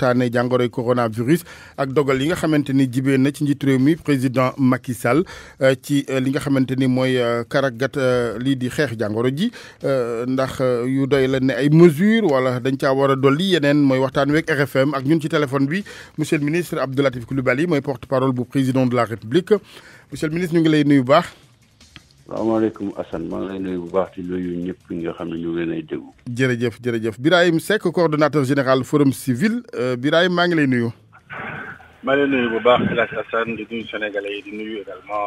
waxtaanee jàngoroy coronavirus ak dogal li nga xamante ni jibee na ci njiitu réew mi président Macky Sall euh, ci euh, li nga xamante ni mooy euh, karagat lii di xeex jàngoro ji ndax yu doy la ne ay mesures wala dañ caa war a dolli yeneen mooy waxtaan week RFM ak ñun ci téléphone bi monsieur le ministre Abdoulatif Koulibaly Coulibaly mooy porte-parole bu président de la République monsieur le ministre ñu ngi lay nuyu baax salaamaaleykum Assane maa ngi lay nuyu bu baax di nuyu ñëpp ñi nga xam ne ñu ngi leen ay déglu. jërëjëf jërëjëf Birahim Seck coordonnateur général forum civil euh, Birahim maa ngi lay nuyu. maa ngi lay nuyu bu baax El Hadj Assane di nuyu Sénégalais yi di nuyu également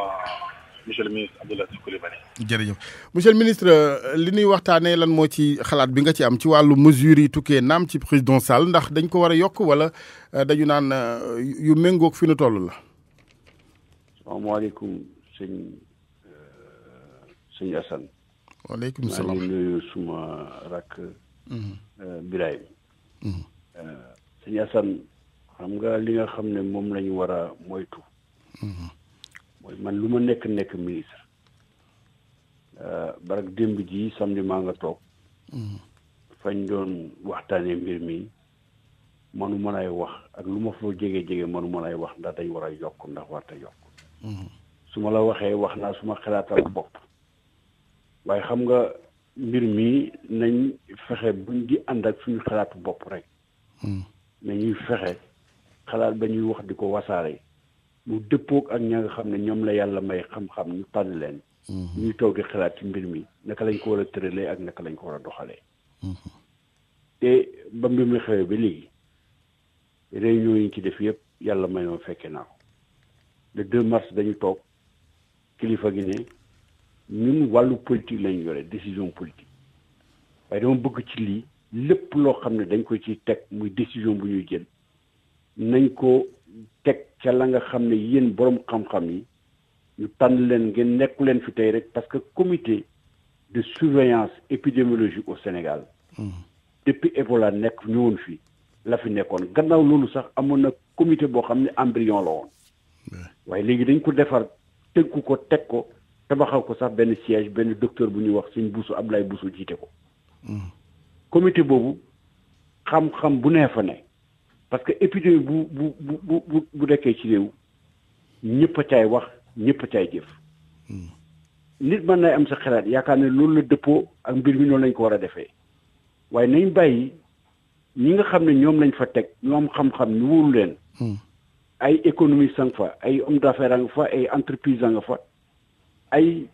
monsieur le ministre Abdoulaye Latif Coulibaly. jërëjëf monsieur le ministre euh, li ñuy waxtaanee lan moo ci xalaat bi nga ci am ci wàllu mesures yi tukkee naam ci président Sall ndax dañ ko war a yokk wala euh, dañu naan yu méngoog fi nu toll la. salaamaaleykum sëñ. suñu asan waaleykum salaam maa ngi nuyu suma rakk mbiraay suñu asan xam nga li nga xam ne moom lañu war a moytu mhm. mooy man lu ma nekk nekk ministre euh, barak démb ji samedi maa nga toog mhm. fañ doon waxtaanee mbir mi manu ma wax ak lu ma fa jege jege manu ma wax ndax dañ war a yokk ndax warta yokk mhm. su la waxee wax naa suma xalaatal bopp waaye xam nga mbir mi nañ fexe buñ di ànd ak suñu xalaatu bopp rek na hmm. nañuy fexe xalaat ba ñuy wax di ko wasaare mu dëppoog ak ña nga xam ne ñoom la yàlla may xam-xam ñu tànn leen hmm. ñuy toog di xalaat ci mbir mi naka lañ ko war a tëralee ak naka lañ ko war a doxalee hmm. te ba mbir mi xewee ba léegi réunion yi ci def yëpp yàlla may ma fekkee naaw ko le mars dañu toog kilifa gi ne ñun wàllu politique lañu yore décision politique waaye dama bëgg ci lii lépp loo xam ne dañ ko ci teg muy décision bu ñuy jël nañ ko teg ca la nga xam ne yéen borom xam-xam yi ñu tànn leen ngeen nekku leen fi tey rek parce que comité de surveillance épidémiologique au Sénégal hum. depuis Ebola nekk ñu ñëwoon fi la fi nekkoon gannaaw loolu sax amoon na comité boo xam ne embryon la woon waaye léegi dañ ko defar tënku ko teg ko tabaxal ko sax benn siège benn docteur bu ñuy wax suñ buusu Ablaye buusu jiite ko. comité boobu xam-xam bu nee fa ne. parce que épidémie bu bu bu bu bu dekkee ci réew ñëpp a caay wax ñëpp a caay jëf. nit mën nay am sa xalaat yaakaar ne loolu la dëppoo ak mbir mi noonu lañ ko war a defee waaye nañ bàyyi ñi nga xam ne ñoom lañ fa teg ñoom xam-xam ñu wóolu leen. Hmm. ay économie sang fa ay homme d'affaires nga fa ay entreprise nga fa. ay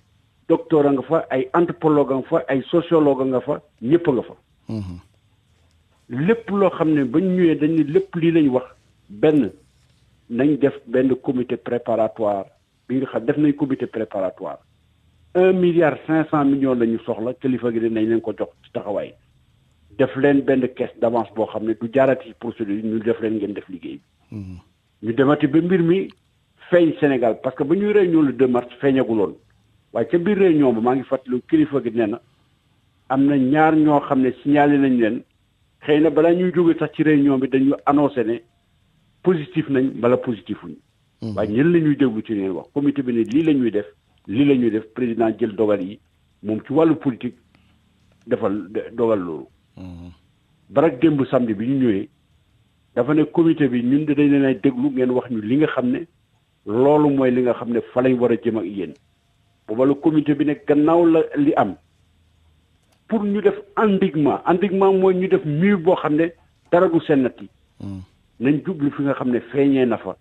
docteur a nga fa ay anthropologue nga fa ay sociologue nga fa ñepp nga fa mhm. wax nañ comité préparatoire bi def comité préparatoire un milliard cinq millions la soxla kilifa gi dinañ ko jox def leen caisse d'avance du procédure ñu def leen ngeen def mhm. ñu Sénégal parce que nous ñu réunion le 2 mars waaye ca biir réunion ba maa ngi fàttaliku kilifa gi nee na am na ñaar ñoo xam ne siñaale nañ leen xëy na balaa ñuy jóge sax ci réunion bi dañu annoncé ne positif nañ mbala positifuñ hmm. waaye ñen la ñuy déglu ci leen wax comité bi ne lii la ñuy def lii la ñuy def président jël dogal yi moom ci wàllu politique defal dogal loolu hmm. barak démb samedi bi ñu ñëwee dafa ne comité bi ñun de dañ leen ay déglu ngeen wax ñu li nga xam ne loolu mooy li nga xam ne fa lañ war a jëm ak boobalu la comité bi ne gannaaw la li am pour ñu def endiguement endiguement mooy ñu def mur boo xam ne dara du sennat yi hmm. nañ jublu fi nga xam ne feeñee na fa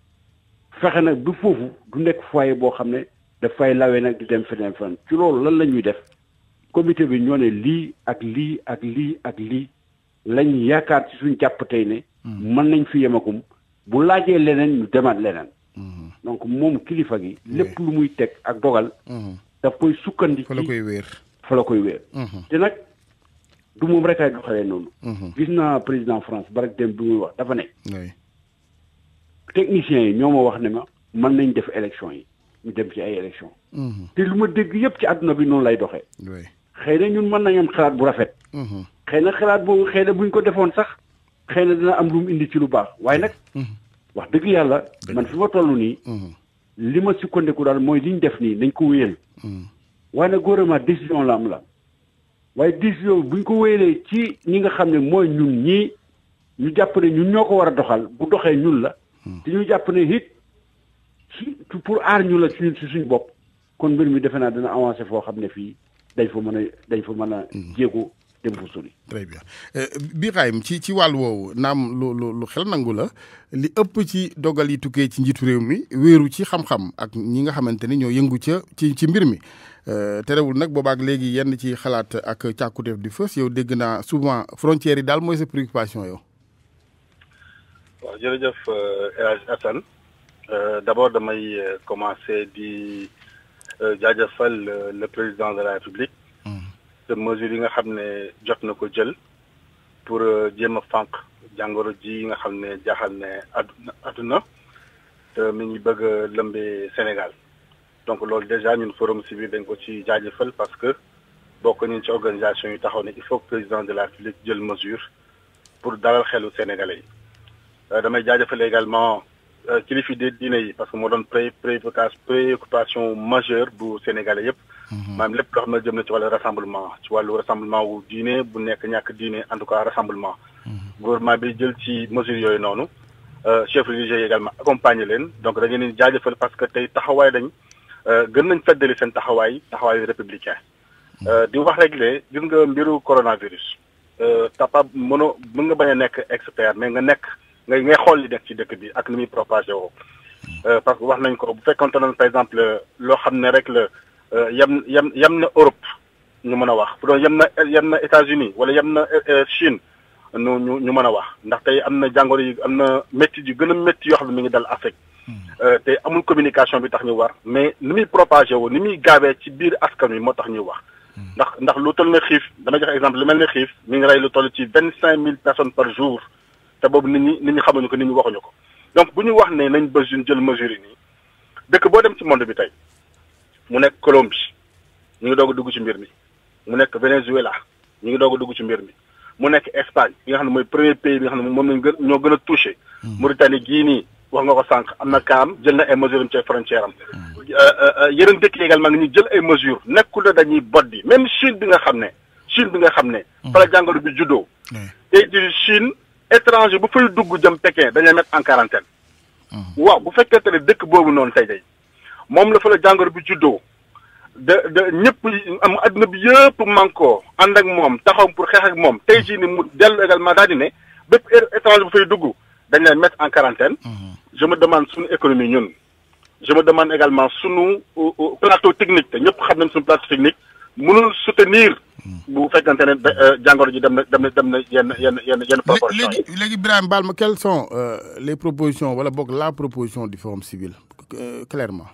fexe nag du foofu du nekk foyer boo xam ne dafay lawee nag di dem feneen feneen ci loolu lan la ñuy def comité bi ñoo ne lii ak lii ak lii ak lii lañ yaakaar ci suñ jàpp tey ne hmm. mën nañ fi yemagum bu laajee leneen ñu demaat leneen donc moom kilifa gi. lépp lu muy teg ak dogal. Mhm. daf koy sukkandi. fa la koy wéer fa la koy wéer. Mhm. te nag du moom rek ay doxalee noonu. Mhm. gis naa président France Barak Deme bi muy wax dafa ne. techniciens yi ñoo ma wax ne ma mën nañ def élection yi ñu dem ci ay élection te lu ma dëgg yëpp ci àdduna bi noonu lay doxee. xëy na ñun mën nañ am xalaat bu rafet. xëy na xalaat boobu xëy na buñ ko defoon sax xëy na dina am lu mu indi ci lu baax waaye nag. wax dëgg yàlla man fi ma toll nii mhm. li ma sukkandiku daal mooy li ñu def nii nañ ko wéyal mhm. waaye nag gouvernement décision la am la waaye décision bu ñu ko wéyalee ci ñi nga xam ne mooy ñun ñii ñu jàpp ne ñun ñoo ko war a doxal bu doxee ñun la mhm. te ñu jàpp ne it su pour aar ñu la suñu si suñu bopp kon mbir mi defe naa dina avancé foo xam ne fii dañ fa mën a dañ fa mën a jéego dem fu sori. très bien bi euh, Birahim ci ci wàll woowu naam lu lu lu xel nangu la li ëpp ci dogal yi tukkee ci njiitu réew mi wéeru ci xam-xam ak ñi nga xamante ni ñoo yëngu ca ci ci mbir mi. Euh, terewul nag boobaak léegi yenn ci xalaat ak càkkuteef di fës yow dégg naa souvent frontières yi daal mooy sa préoccupation yow. waaw jërëjëf euh, El Hadj Assane d'abord damay commencer di jaajëfal le président de la République sa mesure yi nga xam ne jot na ko jël pour euh, jéem a fànq jàngoro ji nga xam ne jaaxal ne adduna te mi ngi bëgg a Sénégal donc loolu déjà ñun forum civil dañ ko ci jaajëfal parce que bokk nañ ci organisation yu taxaw ne il faut que président de la République jël mesure pour dalal xelu sénégalais yi euh, damay jaajëfal également euh, kilifi diine yi parce que moo doon pré préoccupation majeure bu sénégalais yëpp maanaam mhm. lépp loo xam ne na rassemblement ci le rassemblement wu diine bu nekk ñàkk en tout cas rassemblement mhm. gouvernement bi jël ci mesures euh, chef religieux également donc dañu leen jaajëfal parce que tey taxawaay dañ euh, républicain mhm. euh, di wax rek le gis nga mbiru coronavirus tapa a expert mais nga li ci dëkk bi parce que wax nañ ko bu par exemple loo ne euh, yam yam yam na Europe ñu mëna wax bu doon yam na yam na États-Unis wala yam na eh, eh, Chine ñu ñu ñu mën wax ndax tey am na jàngoro yi am na métti yu gën a métti yoo xam ne mi ngi dal Afrique hmm. euh, te amul communication bi tax ñu war mais ni muy propagé wu ni muy gaawee ci biir askan wi moo tax ñu wax. Hmm. ndax ndax lu toll na xiif dama jox exemple lu mel ne xiif mi ngi rey lu toll ci vingt cinq mille personnes par jour te boobu nit ñi nit ñi xamuñu ko nit ñi waxuñu ko donc bu ñu wax ne nañ ba jël mesure yi nii dëkk boo dem ci monde bi tey. mu nekk Colombie ñu ngi doog a dugg ci mbir mi mu nekk Venezuela ñu ngi doog a dugg ci mbir mi mu nekk Espagne bi nga xam ne mooy premier pays bi nga xam ne moom lañ gën ñoo gën a touché. Hmm. Mauritanie gii nii wax nga ko sànq am na kaam jël na ay mesures am ci frontière am. Hmm. Euh, euh, euh, yeneen dëkk yi également ñu jël ay mesures nekkul ne dañuy boddi même Chine bi nga xam ne Chine bi nga xam ne. Hmm. fa la jàngoro bi juddoo. tey jii Chine étranger bu fay dugg jëm Pékin dañuy mettre en quarantaine waaw bu fekkente ne dëkk boobu noonu tey tey. moom la fa la jàngoro bi juddoo de de ñëpp am adduna bi yëpp mànkoo ànd ak moom taxaw pour xeex ak moom tey jii ni mu dellu également daal di ne bépp er, étranger bu fay dugg dañ leen mettre en quarantaine mhm. je me demande suñu économie ñun je me demande également suñu euh, euh, plateau technique te ñëpp xam nañ suñu plateau technique mënul soutenir mhm. bu fekkante ne euh, jàngoro ji dem na dem na dem na yenn yenn yenn yenn propositions léegi léegi Balma quelles sont les propositions wala boog la proposition du forum civil clairement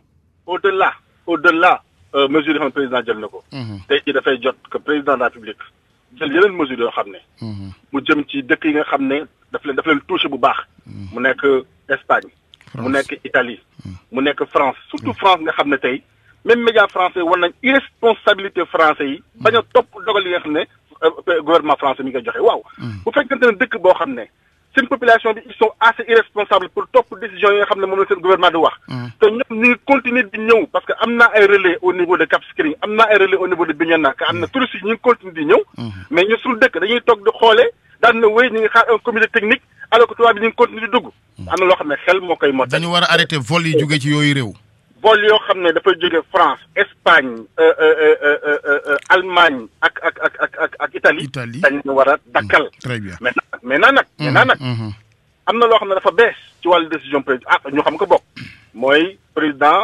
au-delà au-delà euh, mesure du président jël il a fait jii jot que président de la République jël mesure mesures yoo xam ne. Mhm. mu jëm ci dëkk yi nga xam daf leen daf leen touché bu baax. Mhm. mu nekk Espagne. mu nekk Italie. Mhm. mu nekk France surtout France nga xam ne même média français war nañ irresponsabilité français yi. bañ a topp dogal yi euh, gouvernement français mi ngi koy joxe waaw. bu fekkente ne dëkk boo xam une population ils sont assez irresponsables pour toutes décision yi nga xam le gouvernement Donc wax. Hmm. te nous ñu parce que Amna ay relais au niveau de Cap Skirring Amna ay relais au niveau de binyana que Amna tous hmm. touristes signes ñu de continuer di hmm. mais ñu suñu dëkk dañuy toog di xoolee daan na wéy ñu ngi un comité technique alors que nous bi ñu continue continuer di dugg. am na loo xel moo koy mot. dañu wara arrêter vol yi ci France Espagne Allemagne Italie. Italie mm. très bien mais mais mm, mm, dafa décision président ah ñu xam ko président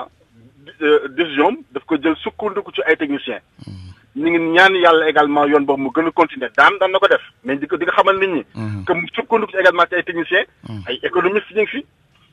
euh, décision daf ko jël techniciens. également yoon bo mu gën mais également techniciens. ay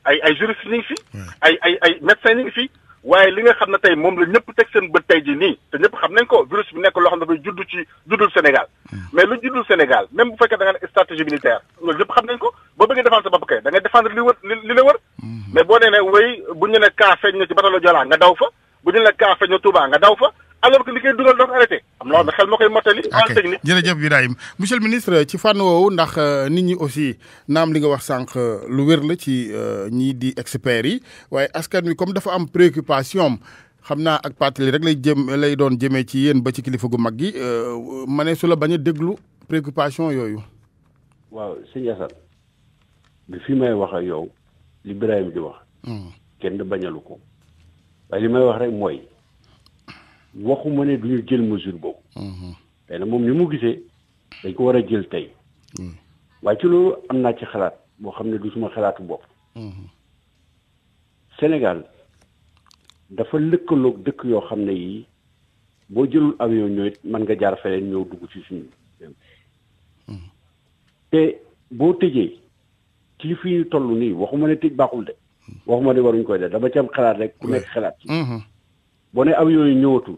ay ay juristes ñu fi. ay ay ay médecins ñu fi. waaye li nga xam ne tey moom la ñëpp teg seen bët tey ji nii te ñëpp xam nañ ko virus bi nekk loo xam ne dafay judd ci juddul Sénégal. Hmm. mais lu juddul Sénégal même bu fekkee da nga stratégie militaire loolu ñëpp xam nañ ko boo bëggee défendre sa bopp kay da nga défendre li wër li la wër. Hmm. mais boo nee ne wéy bu ñu ne kaa feeñ na ci batalo Joola nga daw fa bu ñu ne kaa feeñ na Touba nga daw fa. alors que li koy dugal doo ko arrêté am loo xam ne xel moo koy motali en technique jërëjëf Birahim monsieur le ministre ci fànn woowu ndax euh, nit ñi aussi naam li nga wax sànq euh, lu wér la ci euh, ñii di experts yi waaye askan wi comme dafa am préoccupation am xam naa ak pàttali rek lay jëm lay doon jëmee ci yéen ba ci kilifa gu mag gi ma ne su la bañ a déglu préoccupation yooyu waaw sëñ Assane bi fi may wax ak yow li Birahim di wax hmm. kenn bañalu ko waaye li may wax rek mooy waxuma ne duñu jël mesure boobu. xëy na moom ni mu gisee dañ ko war a jël tey. waaye ci loolu am naa ci xalaat boo xam ne du suma xalaatu bopp. Sénégal dafa lëkkaloog dëkk yoo xam ne yii boo jëlul avion ñooy man nga jaar feneen ñëw dugg ci suñu. te boo tëjee ci fi ñu toll nii waxuma ne tëj baaxul de. waxuma ne waruñ koy def dama ci am xalaat rek ku nekk xalaat. boo ne avion yi ñëwatul.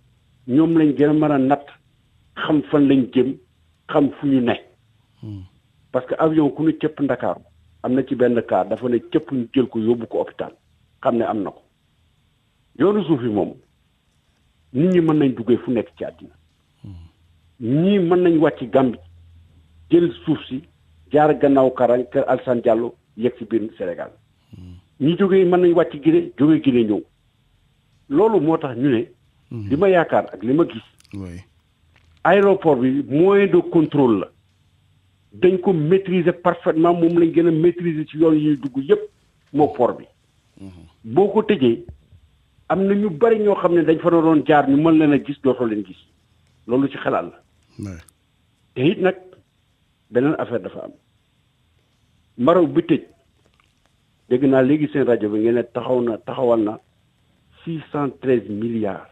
ñoom lañ gën a mën a natt xam fan lañ jëm xam fu ñu ne hmm. parce que avion ku ne cëpp ndakaaru am na ci benn cas dafa ne cëpp ñu jël ko yóbbu ko hôpital xam ne am na ko yoonu suuf yi moom nit ñi mën nañ duggee fu nekk ci àddina hmm. ñii mën nañ wàcc Gàmbi jël suuf si jaar gannaaw Karang kër Alsane Diallo yegg si biir Sénégal hmm. ñi jógee mën nañ wàcc Guinée jógee Guinée ñëw loolu moo tax ñu ne li ma yaakaar ak li ma gis. aéroport bi moyen de contrôle la. dañ ko maîtriser parfaitement moom lañ gën a maîtriser ci yoon yi dugg yépp moo port bi. boo ko tëjee am na ñu bari ñoo xam ne dañ fa doon jaar ñu mën leen a gis dootoo leen gis loolu ci xalaat la. te it nag beneen affaire dafa am. maraw bi tëj dégg naa léegi seen rajo bi ngeen ne taxaw na taxawal na six cent treize milliards.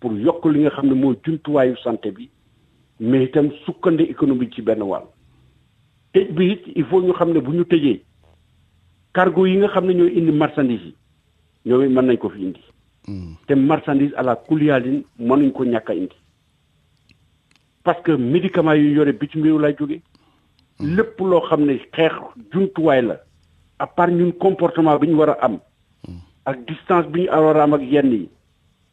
pour yokk li nga xam ne mooy jumtuwaayu santé bi mais itam sukkande économique ci benn wàll tëj bi it il faut ñu xam ne bu ñu tëjee cargo yi nga xam ne ñooy indi marchandise yi ñoom it mën nañ ko fi indi hmm. te marchandise à la kuliyaalin mënuñ ko ñàkk a indi parce que médicament yu yore bitim réew lay jóge hmm. lépp loo xam ne xeex jumtuwaay la à part ñun comportement bi ñu war a am hmm. ak distance bi ñu war ak yenn yi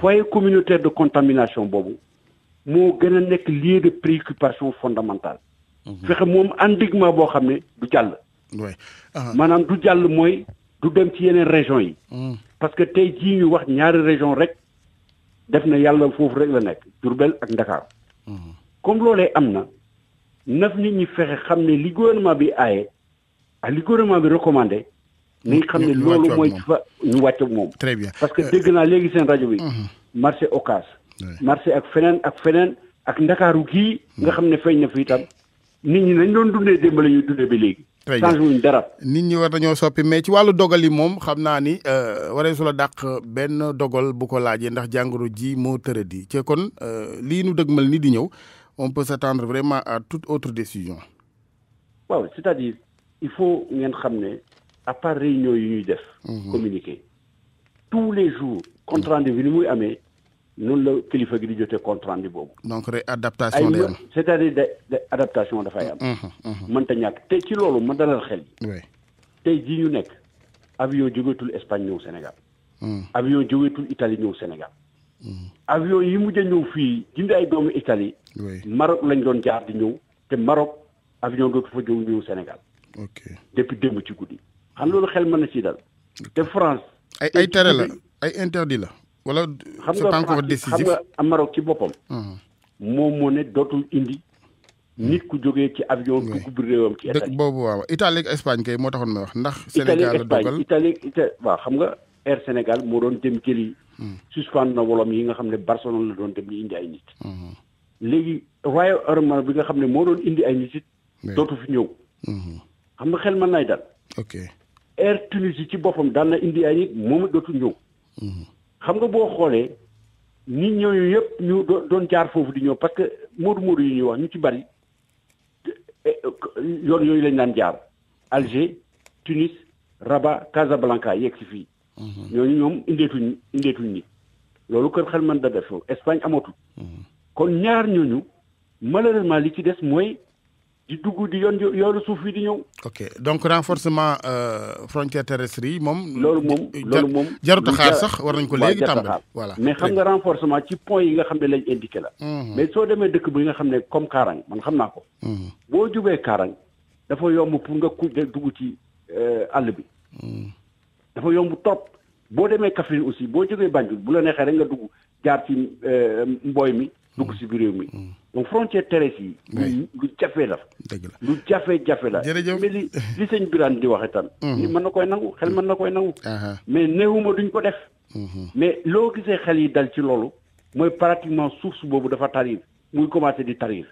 foyer communautaire de contamination bobu mo gëna nek nekk lieu de préoccupation fondamentale mhm. fexe mom endiguement bo xamné ne du jàll ah. manam du jall moy du dem ci yeneen région yi mm. parce que tey jii ñu wax ñaari région rek def na yàlla foofu rek la nekk Diourbel ak dakar mm. comme loolee am na naf nit ñi fexe xam ne li gouvernement bi aaye ak li gouvernement bi recommandé ni nga xam ne loolu fa ñu wàccoog mom très bien parce que euh, dégg na léegi sen radio bi mhm. marché Ocass marché ak fenen ak fenen ak ndakaaru gi nga mhm. xam ne na fi tam nit ñi nañ doon dundee démb ñu ñuy bi ba léegi wuñ dara nit ñi war nañoo soppi mais ci wàllu dogal yi moom xam naa ni euh, waree su la dàq benn dogal bu ko laajee ndax jàngoro ji moo di ci kon euh, lii nu dëgmal ni di ñëw on peut s'attendre vraiment à toute autre décision waaw c'est-à-dire il faut ngeen xam ne à part réunion yu ñuy def. Mhm. communiqué tous les jours contre mhm. rendu bi nous muy amee le la kilifa gi di jotee compte donc rek adaptation day am c'est-à-dire de adaptation fay am. ta ñak té ci lolu ma dalal xel. oui té ji ñu nek avion jógeetul Espagne ñëw Sénégal. Mhm. avion jógeetul Italie ñëw Sénégal. avion yi mu a ñëw fii jënd ay doomu Italie. Maroc lañ doon jaar di ñëw té Maroc avion dootu fa jóg ñëw Sénégal. ok depuis mois ci goudi xam ah loolu xel mën na ci dal. te ay tere la ay interdit la. wala c'est pas encore décisif xam nga ci boppam. moom moo ne dootul indi. ku jógee ci avion dugg bu réewam ci Italie. boobu waaw Italie ak moo taxoon may ndax. Sénégal la dogal Italie Espagne xam nga Air Sénégal moo doon dem jëli. suspendre na wolom yi nga xam ne Barcelone la doon dem ñu indi ay nit. léegi Royal Air Maroc bi nga xam ne moo doon indi ay nit it. dootu fi ñëw. xam nga xel mën naay dal. ok air Tunisie ci boppam na indi ay xam nga sommes xolé ni ñu doon jaar di parce que yi ñu wax ñu ci bari eh, eh, yoon lañ jaar. Alger Tunis Rabat Casablanca yegg si fii. Mhm. ñooñu ñoom ni man da def Espagne amatu mhm. kon ñaar ñooñu malheureusement li ci dess di dugg di yoon yoonu suuf yi di ñëw. ok donc renforcement euh, frontière terrestre yi moom. loolu moom loolu moom jarut a xaar sax war nañ ko léegi tàmbali. voilà mais xam nga renforcement ci point yi nga xam ne lañ indiqué la. Mhm. mais soo demee dëkk bu nga xam ne comme Karang man xam naa ko. Mhm. boo jubee Kaarang dafa yomb pour nga ku dugg ci euh, àll bi. Mhm. dafa yomb trop boo demee Kaffrine aussi boo jógee Banjul bu la neexee rek nga dugg jaar ci euh, mbooy mi dugg si mm. biir réew mi. Mm. donc frontière terrestre yi. lu jafe la. dëgg la lu jafe jafe la. mais li li sëñ Birane di waxe tam mm-hmm. ni man na koy nangu xel man na koy nangu. mais néewuma duñ ko def. Mm-hmm. mais loo gisee xel yi dal ci loolu. mooy pratiquement suuf su boobu dafa tarir muy commencé di tarir.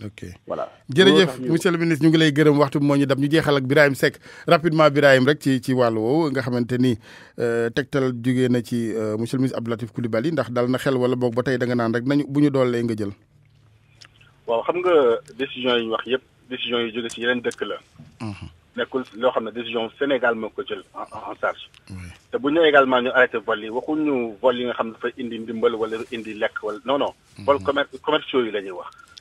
ok voilà jërëjëf monsieur le ministre ñu ngi lay gërëm waxtu moo ñu dab ñu jeexal ak Birahim Seck rapidement Birahim rek ci ci wàll nga xamante ni euh, tegtal jugee na ci euh, monsieur le ministre Abdou Latif ndax dal na xel wala boog ba tey da nga naan rek nañu bu ñu doolee nga jël. waaw xam nga décision yu ñu wax yëpp décision yu jóge ci yeneen dëkk la. Mhm. nekkul loo xam ne décision Sénégal moo ko jël en charge. te bu ñu nee également ñu arrêté vol yi waxuñu vol yi nga xam ne dafa indi ndimbal wala indi lekk wala non non. Mhm. vol commerce commerciaux yi la ñuy wax.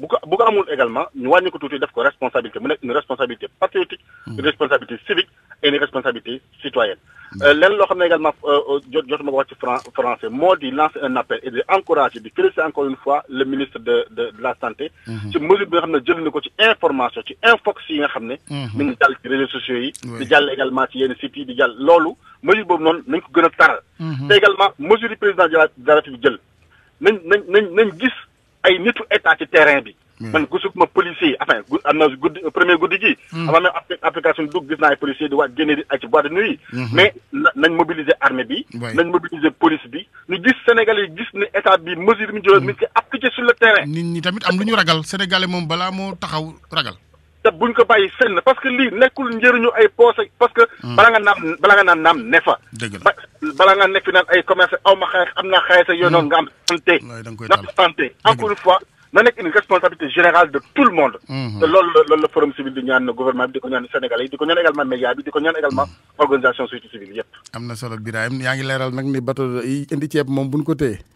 bu ko bu amul également ñu wàññi ko tuuti def ko responsabilité mu nekk une responsabilité patriotique. une hmm. responsabilité civique et une responsabilité citoyenne. Hmm. Euh, leneen loo xam ne également euh, euh, jot jotuma ko wax ci français moo di lancer un appel et di encourager di féliciter encore une fois le ministre de de de la santé. Hmm. ci mesure bi nga xam ne jël na ko ci information ci infox yi nga xam ne. mi ngi jàll ci réseaux sociaux yi. di jàll également ci yenn sites yi di jàll loolu mesure boobu noonu nañ ko gën a taral. te également mesure yi président de la République jël nañ nañ nañ nañ gis ay nitu état ci terrain bi. man gisuma policier enfin amna premier goudi gi. Hmm. avant même application dugg gis naa ay policier di wa génne ak ci boîte de nuit hmm. mais nañ mobiliser armée bi. nañ mobiliser police bi. ñu gis Sénégalais gis ne état bi mesure mi mu mi ngi appliqué sur le terrain. nit ni tamit am lu ñu ragal sénégalais mom bala mo taxaw ragal te buñ ko bàyyi fenn parce que lii nekkul njëriñu ay poos parce que. Hmm. bala nga naam bala nga naan naam ne fa. ba bala nga nekk fi naan ay commerce aw ma xaalis am naa xaalis ak yooyu hmm. noonu nga am santé. na santé encore une fois. na nekk une responsabilité générale de tout le monde. Hmm. te loolu la loolu la forum civil di ñaan gouvernement bi di ko ñaan Sénégal yi di ko ñaan également média bi di ko ñaan également organisation société civile yëpp. am na solo Birahim yaa ngi leeral nag ni bateau yi indi ceeb moom buñ ko téye.